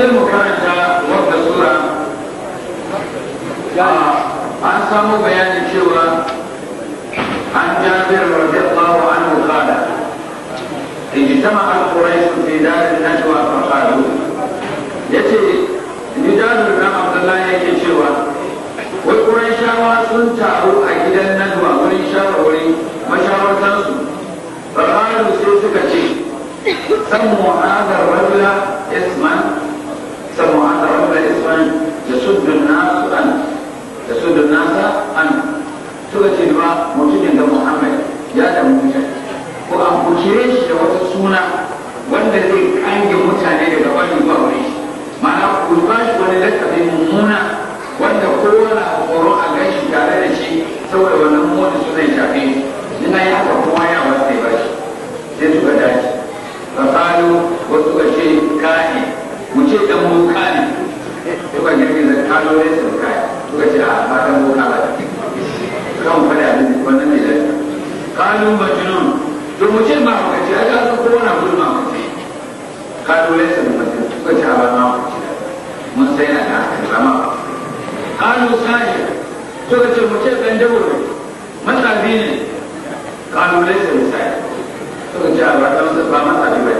dai mu karanta wadda sura an samu bayanin cewa an jabir radiyallahu anhu qala ijtama al sun fi dar an-najwa Ya ce yace ni dalil na ya yake cewa wai shawa sun taru a gidan najwa wurin shawarwari mashawartansu fa qalu sai suka ce sammu hadha ar-rajula isman سبعة رجل إسرائيل يسد الناس عنه يسد الناس عنه suka ce ba mutumin da Muhammad ya damu mutane ko an kucire shi da wata suna wanda zai kange mutane daga wani zuwa wani ma'ana ku ba shi wani lakabi mummuna wanda kowa na tsoron a gan shi tare da shi saboda wannan mota su zai shafe ina yi kuma ya wasu zai ba shi sai wasu mu ce dan boka ne kuka ne ne zaka kano ne sun kai kuka ce a ah, ba dan boka ba kan fada ne wannan ne da kanu majnun to mu ce ma kuka ce ga su ko ah, na gudu ma ku ce kano ne sun kai kuka ce a ba ma ku ce mun sai na da zama kanu sai kuka ce mu ce dan dawo matsafi ne kanu ne sun kai kuka ce a ah, ba dan ba matsafi ba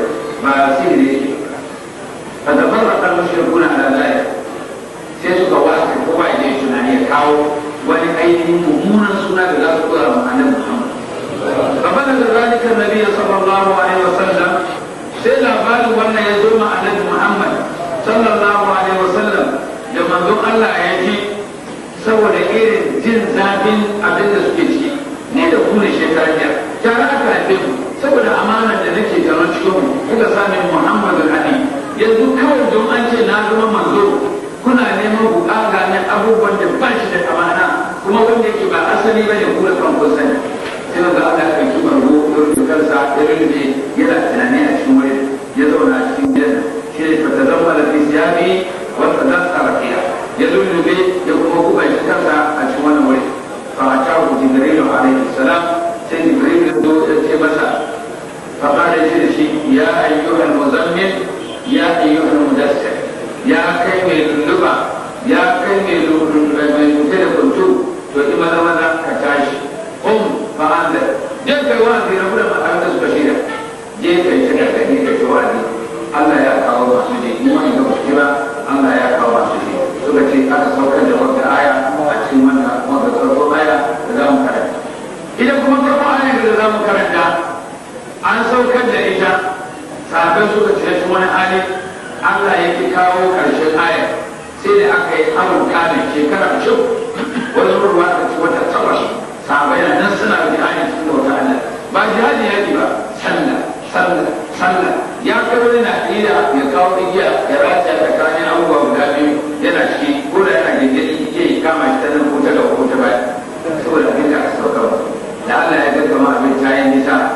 ba sihiri kawo wani ainihin mummunan suna da za su kura ma annabi Muhammad kamar da zalika nabi a alaihi wasallam sai labarin wannan ya zo ma annabi Muhammad sallallahu alaihi wasallam da manzon Allah ya ji saboda irin jin zafin abin da suke ciki ne da ku ne biyar jiya tare aka haife saboda amanar da nake taron cikin mu kuka sami Muhammad al yanzu kawai don an ce na zama manzo kuna neman bukata ne abubuwan da wannan kun sani sai ga Allah ya ɗauki bargo ya rufe kansa ya rufe yana tunani a cikin wurin ya zauna a cikin gidan shi ne fata zama da fisiyami wata zan tsarafiya ya lullube ya kuma kuma shi kansa a cikin wannan wurin fa a cawo jibrilu alaihi salam sai ya zo ya ce masa fa kare shi da shi ya ayyuhal ya mudassir ya kai mai lulluba ya kai mai lulluba mai kuntu to ima maza jefe wa fi rabu da ma'aikatar da su shirya da jefe shi da yi da shi wa ne Allah ciki ko da yana gindin je ya kama shi ta nan ko ta gaba ko ta baya saboda abin da aka sauka ba da Allah ya ga kama abin ta yi nisa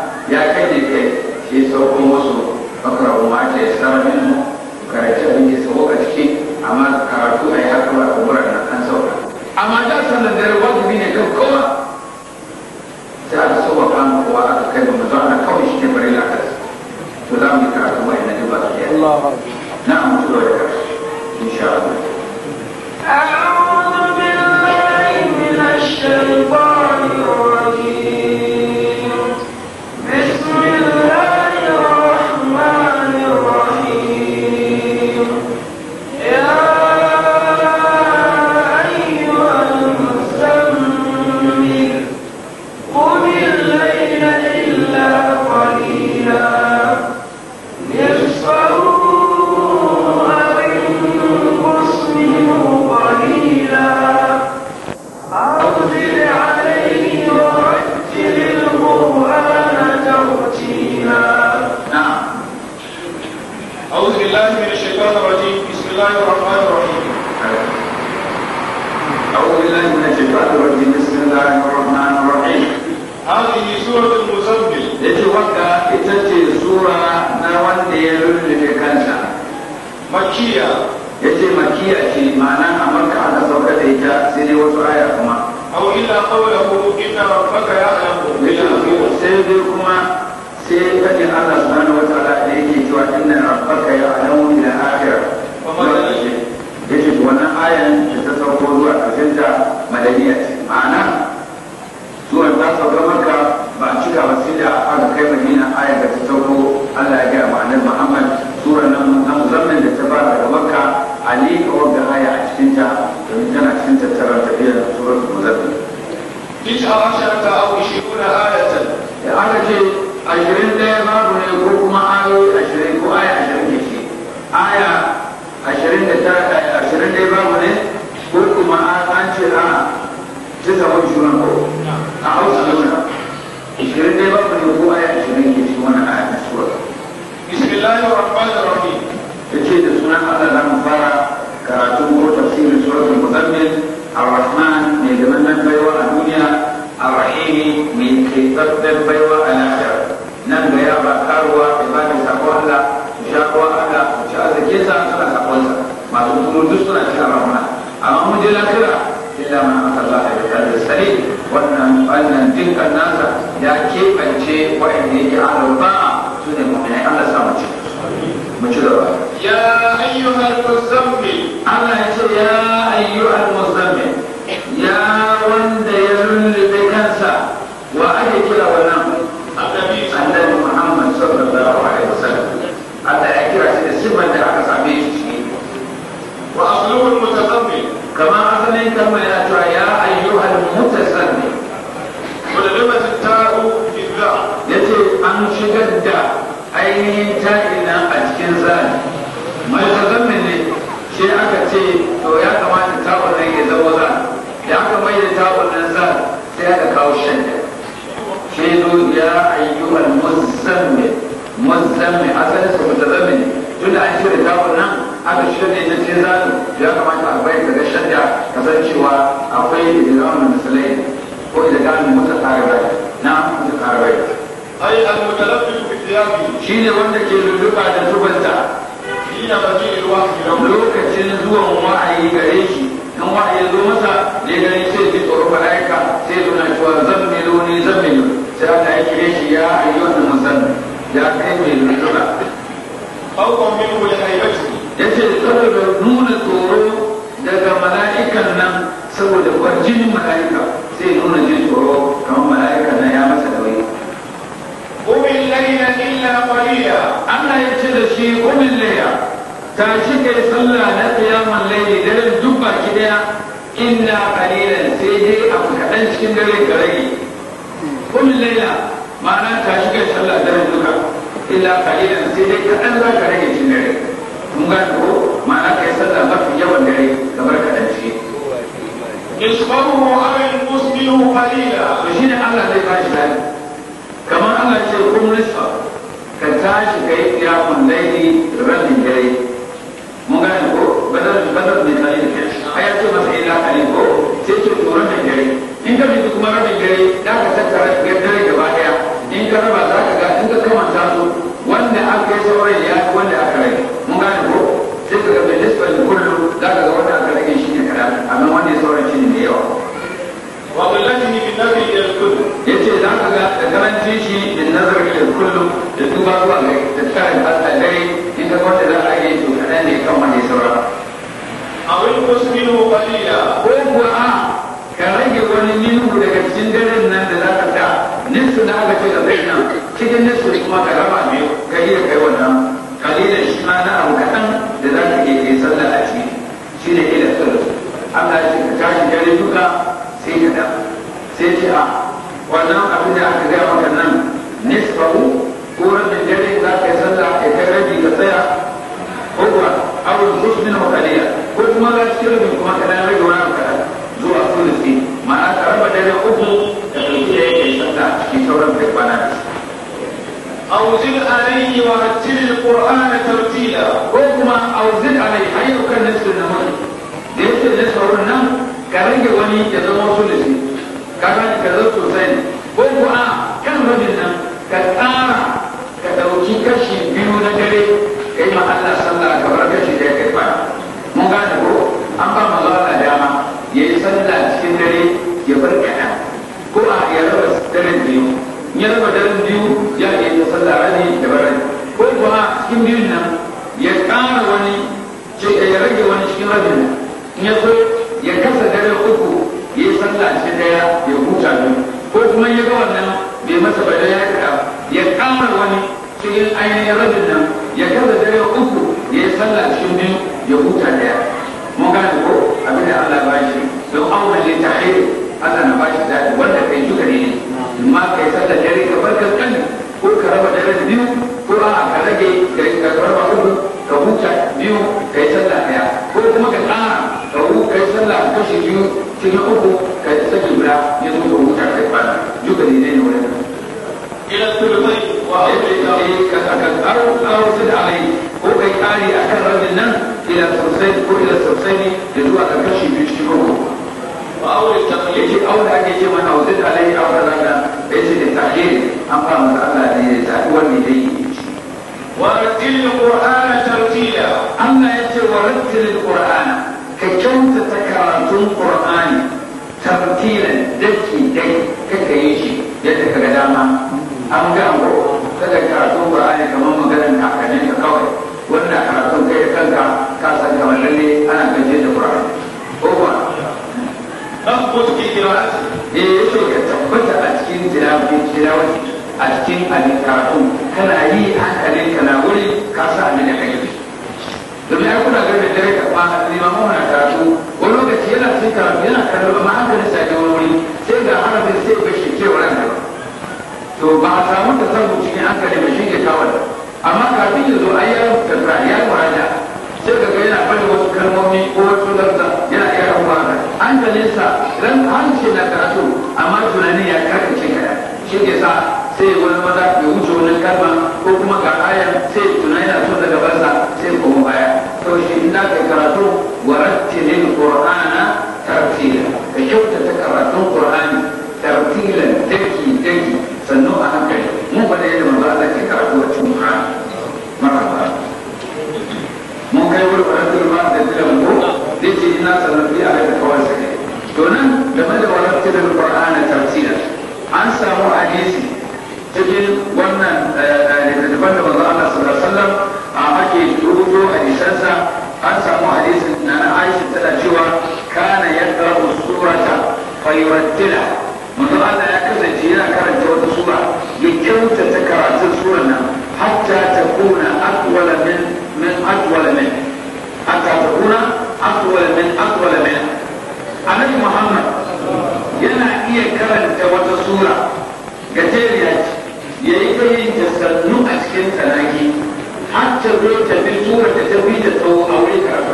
zartar baiwa a lahira nan ga yaba karuwa da ba ta sako Allah su sha kowa Allah su ci arzike sa suna sakonsa masu kuma duk suna ci a ramuna amma mun je lahira illa ma aka za a yi da sare wannan wannan dukkan nasa ya keɓance waɗanda yake ba su ne mummina Allah sa mu ci mu ci gaba ya ayyuhal muzammil Allah ya ce ya ayyuhal muzammil shi ne wanda ke lulluɓa da tubanta lokacin zuwan wa'ayi gare shi dan wa'ayi zo masa ne gare sai ji tsoro mala'ika sai suna cewa zammilu ni zammilu sai aka yi kire shi ya ayyuka musan ya kai mai lulluɓa. Haukon min kai haibatu. Ya ce saboda nuna tsoro daga mala'ikan nan saboda barjin mala'ika sai nuna jin tsoro kamar mala'ika na ya masa da قم الليل إلا قليلا الله يجد شيء قم الليل تاشك يصلى لقيام الليل دل الدبة كده إلا قليلا سيدي أبو كدن شندر الكريم قم الليل معناه تاشك يصلى دل الدبة إلا قليلا سيدي كدن لا كريم شندر mun gane ko ma'ana kai sallah mafi yawan dare kamar kaɗan ce isfahu awil muslimu qalila to shine Allah zai bashi dani kamar Allah ce kun risfa ka tashi ka yi kiyamun laili rabin dare mun gane ko badar badar ne tare da kai a ya ce masa ila ali ko sai ce ko rabin dare in ka bi kuma rabin dare da ka tattara dare gaba daya in ka raba za ka karancin shi da nazarin da kullum da duba zuwa ga tattarin alƙalai in wanda za a yi to kaɗan ne kan wanda ya saura. a wani kusuru ko kuwa ka rage wani minu daga cikin daren nan da za ka ta nisu na aka ce da zai nan cikin nisu kuma ka raba biyu ka iya kai wannan kalilan shi ma na abu kaɗan da za ka iya kai sallah a ciki shi ne ila tsoro. Allah ya ce ka tashi dare duka sai ka da sai ce a wannan abin da aka gaya maka nan nisfahu ko rabin dare za ka yi sallah ya kai rabi ka tsaya ko kuwa abu musulmin makaliya ko kuma za kuma ka dan rage wani abu zuwa sulusi ma'ana ka raba dare uku da ɗauki da yake sallah shi sauran kai kwana da shi أو زد عليه ورتل القرآن ترتيلا وكما أو زد ka gane ka zo sosai ne ko kuwa kan rajin nan ka tsara ka ɗauki kashi biyu na dare ka yi ma Allah sallah ka bar kashi da kai ba mun gane ko an ba mu zuwa dama ya yi sallah cikin dare ya bar kaɗan ko a ya raba daren biyu ya raba daren kuma ya ga wannan mai masa bada ya kaɗa ya kamar wani cikin ainihin rabin nan ya kaza dare uku ya yi sallah cikin biyu ya huta daya mun gane ko abin da Allah ba shi don an wani ta hayi Allah na ba shi daɗi wanda kai duka ne amma kai sallah dare ka bar kan ko ka raba dare biyu ko a ka rage ka raba uku ka huta biyu kai sallah ɗaya ya sallah kashi biyu cikin uku ka yi saki guda ya zo ka huta kai ba duka ne ne wurin ila sulmai wa eh, ayyuka eh, ka ka aro aro sid alai ko kai kari akan rabin nan ila sosai ko ila sosai ne da zuwa ga kashi biyu cikin uku wa aure ta yace aure ake ce mana wasid alai aure nan da yace da ta'khir an fara Allah ne da ta'war ne dai wa ratil qur'an tafsirin daki dai kake yi shi ya tafi ga dama an ka an ba a yi kamar maganar kakannin ka kawai wannan karatun kai da kanka ka san kamar lalle ana gaje da Qur'ani ko ba ke fi qira'ati eh yaso ka tabbata a cikin tilawati tilawati a cikin abin karatu kana yi hankalin ka na wuri ka sa abin da kai domin ai kuna ganin da ka ba ma na karatu wani lokaci yana cikin karatu yana kallon ma to ba a samu da san cikin hankali mai shi ke kawar amma kafin ya zo yi ya rubuta kira sai ka ga yana bada wasu kalmomi ko wasu lafza yana iya rabuwa da sa ran ce na karatu amma tunani ya ce kaya shi ke sa sai wani maza ya wuce wani kalma ko kuma ga ayan sai tunani na so daga barsa sai kuma baya to shi ina kai karatu wa qur'ana tartila sannu a hankali mun faɗa yadda manzo Allah karatu a cikin Qur'ani marhaba mun kai wurin wannan turma da tilan ko zai ce ina sanar bi da kawai sai to nan da wannan tilan Qur'ani tafsira an samu hadisi cikin wannan eh, eh, littattafan da a Allah sallallahu alaihi a ake rubuto hadisansa an samu hadisin na Aisha tana cewa kana yaqra'u surata fa yurattila manzo Allah ya kasance yana karanta kyautata karatun suran nan hatta ta kuna akwala min min akwala min hatta ta kuna akwala min akwala min annabi muhammad yana iya karanta wata sura gajeriya ce ya yi ta yin ta a cikin tsanaki hatta zo ta bi sura ta tafi da tsawo a wuri karatu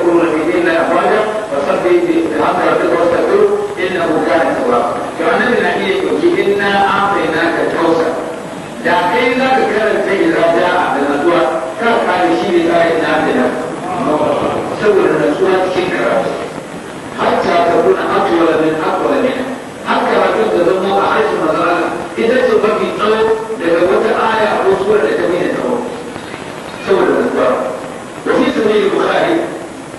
يكون في ديننا اخراجا فصلي في هذا الكتاب واستغفر انه كان تراب كان من نحيه بانا اعطيناك الكوثر لكن ذكر الفيل رجاء عبد المسوى كان قال يشيل فائد نافلة سوى المسوى شكرا حتى تكون اطول من اطول منه حتى ما كنت ظلم وعيش مظهر إذا سبقي طلب لقوت آية وصور لتمينة أمور سوى المسوى وفي سبيل البخاري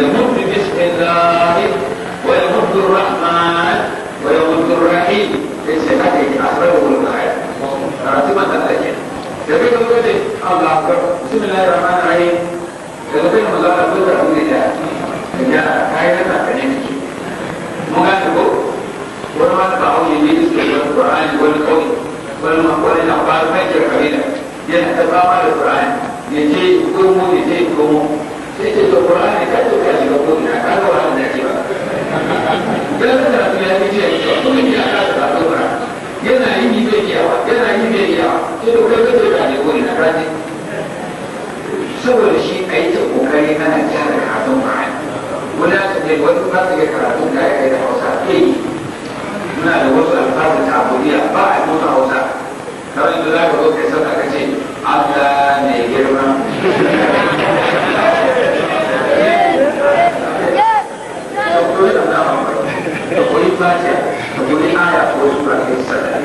يمد باسم الله ويمد الرحمن ويمد الرحيم ليس هذه أسرار الآية راتبا الله تبين وجد الله أكبر بسم الله الرحمن الرحيم تبين مزارع بدر أمر الله إذا كائنا كنيك مغانبو ورمان بعض يجلس القرآن والقول والمقول الأخبار ما قليلا ينحتفى القرآن يجي يقوموا يجي يقوموا sai ce to qur'ani ka to ka ji ko na ka ko ran da ji ba dan da ta ya ji ya to kuma ya ka ta to ra yana yin yi bai yawa yana yi bai yawa sai to ka to ka ji ko na ka ji saboda shi kai ta kokari ana gyara karatun ma'ani wani ta ne wani ba ta ga karatun da ya kai da hausa ke yi muna da a nuna hausa kawai fatiha ka koyi aya ko sura ko sadaka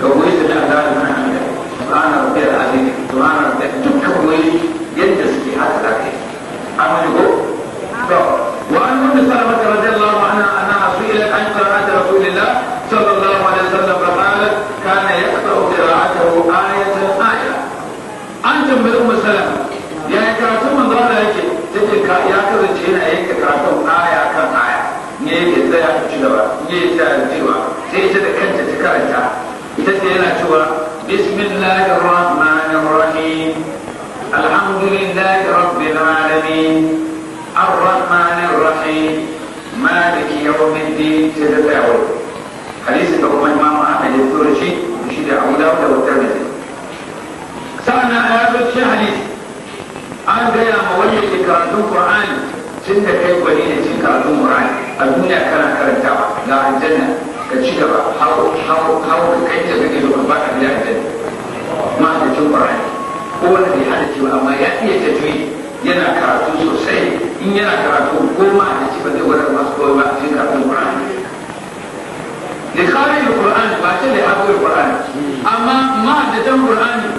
ka koyi su da Allah mana hamda subhana rabbiyal azim subhana rabbiyal duk ka yadda suke haka da kai ko to wa an mun salama radiyallahu anha anna an qira'at rasulillah sallallahu alaihi wasallam qala kana yaqra'u ayatan an tambayi ummu salama ya karatu manzo Allah yake take ya kasance yana yake sai ya sa aljiwa sai ita da kanta ta karanta ita sai yana cewa bismillahir rahmanir rahim alhamdulillahi rabbil alamin arrahmanir rahim maliki yawmid din sai hadisi da kuma imamu ahmad ya fito da shi da abu dawud da tirmidhi sa'annan ayatul hadisi an gaya ma wanda ke karatun qur'ani tun da kai gwani da jin a lumuran a duniya kana karantawa na aljanna ka ci gaba hau hau hau ka kai ta kake zuwa ba ka biya aljanna ma da cin qur'ani ko wanda bai hada ci amma ya iya tuyi. yana karatu sosai in yana karatu ko ma da ci ba zai masu koyi ba cikin ne kare da alquran ba ce da abu alquran amma ma da jan qur'ani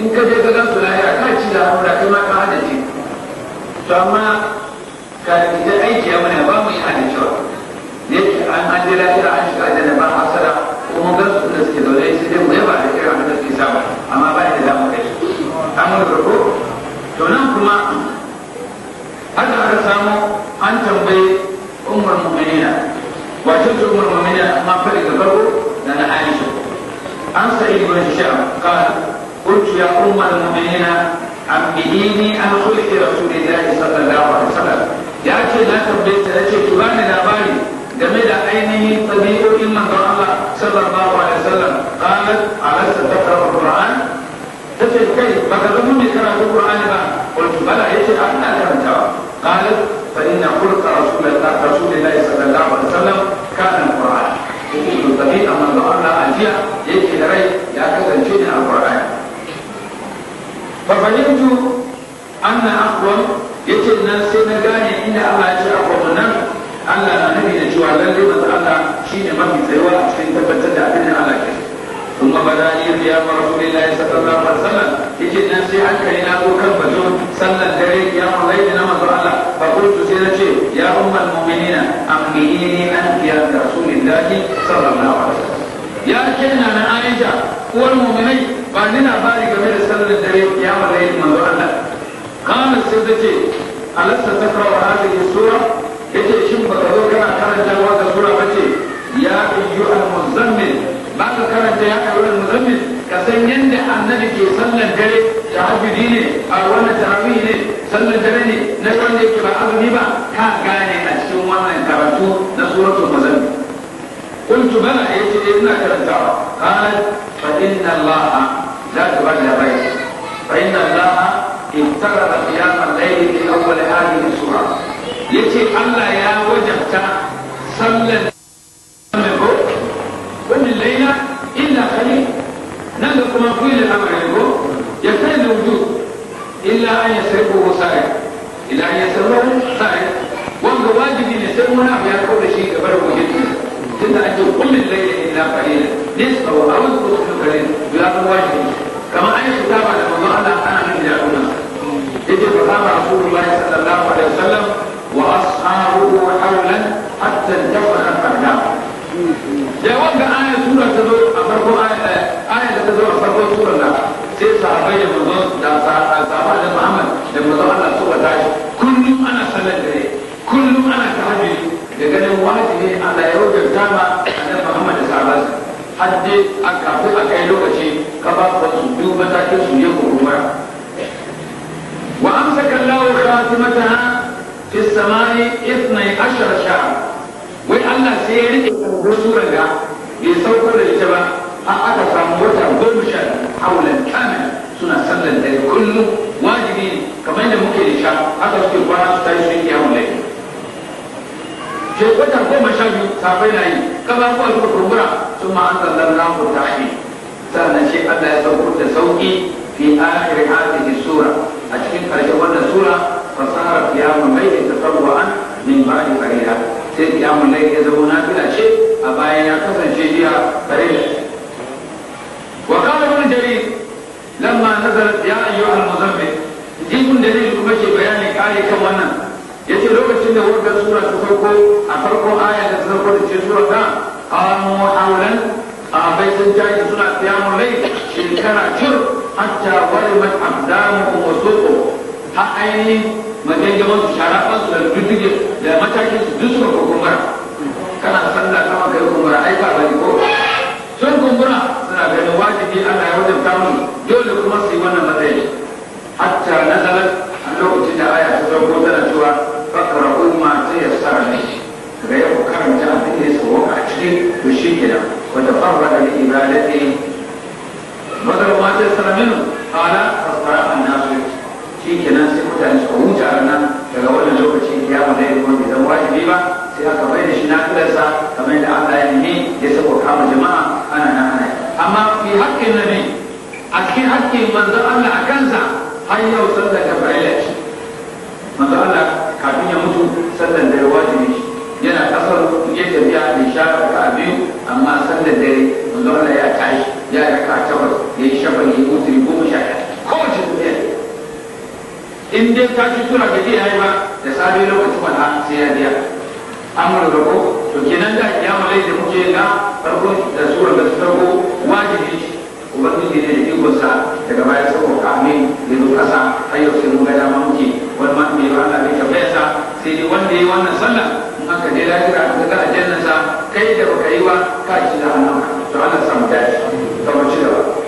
in ka je ga su lahira ka ci da haura kai ma ka hada ci to amma ka idan aiki ya mana ba mu yi halin cewa da yake an an je lafiya an shiga aljanna ba hasara kuma ga su da suke zaune sai dai mu yaba da kira abin da suke samu amma ba da mu kai an mun farko to nan kuma an aka samu an tambayi ummul mu'minina wato ummul mu'minina amma fa daga farko da na Aisha an sa'i ibn Hisham kana قلت يا أم المؤمنين أنبئيني عن خلق رسول الله صلى الله أم المؤمنين أمنيني أنت يا رسول الله صلى الله عليه وسلم يا كنا من عائشة والمؤمنين بأننا بارك من السنة الدريم يا ملايين من الله قام سيدتي ألسا تقرأ هذه السورة يجي shin baka zo kana karantawa da sura bace ya ayyuhal muzammil ba ka karanta ya san yadda annabi ke sallar dare tahajjudi ne a wannan tarawih ne sallar dare ne na wanda yake ba azumi ba ka gane a cikin wannan karatu na suratul muzammil قلت بلى يجي ابن كرزا قال فإن الله لا تبلى بيت فإن الله افترض قيام الليل في أول هذه السورة يجي الله يا وجبت صلى أن يصرفه سائل إلى أن يصرفه سائل وأنه واجب يصرفه نعم يقول شيء قبله جدا إلا أن يقل الليل إلا قليلا نصفه أو يقول قليلا بأنه واجب كما أن يتابع لما قال أنا من يعلمنا إذ فقام رسول الله صلى الله عليه وسلم وأصحابه حولا حتى انتفخ الأقدام يا وانك آية سورة تدور أفرقوا آية آية تدور أفرقوا سورة الله سيسا farko sura na har dai a kafin a kai lokaci ka ba ku su biyu matakin su ne ku ruwa wa amsaka Allahu khatimata fi samai 12 sha wai Allah sai ya rike ko sura ga ya da ita ba a aka samu wata goma sha haulan suna sallar da kullum wajibi kamar da muke da sha haka suke kwana su tashi yi haulan wata goma sha biyu safai na yi kaba ko a duka kurkura ثم أنزلناه التخفيف سألنا شيء ألا يسوق التسوقي في آخر هذه السورة أشكين فرجونا السورة فصار قيام الليل تطوعا من بعد فريضة سيد قيام الليل يزونا بلا شيء أبايا يقصن شيئا فريضة وقال ابن جرير لما نزلت يا أيها المزمل جيب دليل كمشي بيان كاري كوانا yace lokacin da wannan sura ta farko a farko aya da ta farko da ce sura ta qamu hawlan sahabbai sun tashi suna qiyamul layl shekara cir hatta walimat abdamuhum wa suqu ha ainihin majanjaman su sharaban su da duddige da matakin su duk suka sama kai kumbura ai ba bane ko sun kumbura suna ganin wajibi Allah tashi tura da iya yi ba da sabi lokacin wala sai ya biya amur da ko to kenan da ya malai da muke ga farko da sura da farko wajibi ubangiji ne da ikonsa daga baya saboda amin ya zo kasa har yau sai mun ga dama muke wani ma mai Allah bai tabbaya sa sai dai wanda yayi wannan sallah in aka je lafiya ka ga sa kai da baka yi ba ka ci da hannunka to Allah samu dace kamar ci da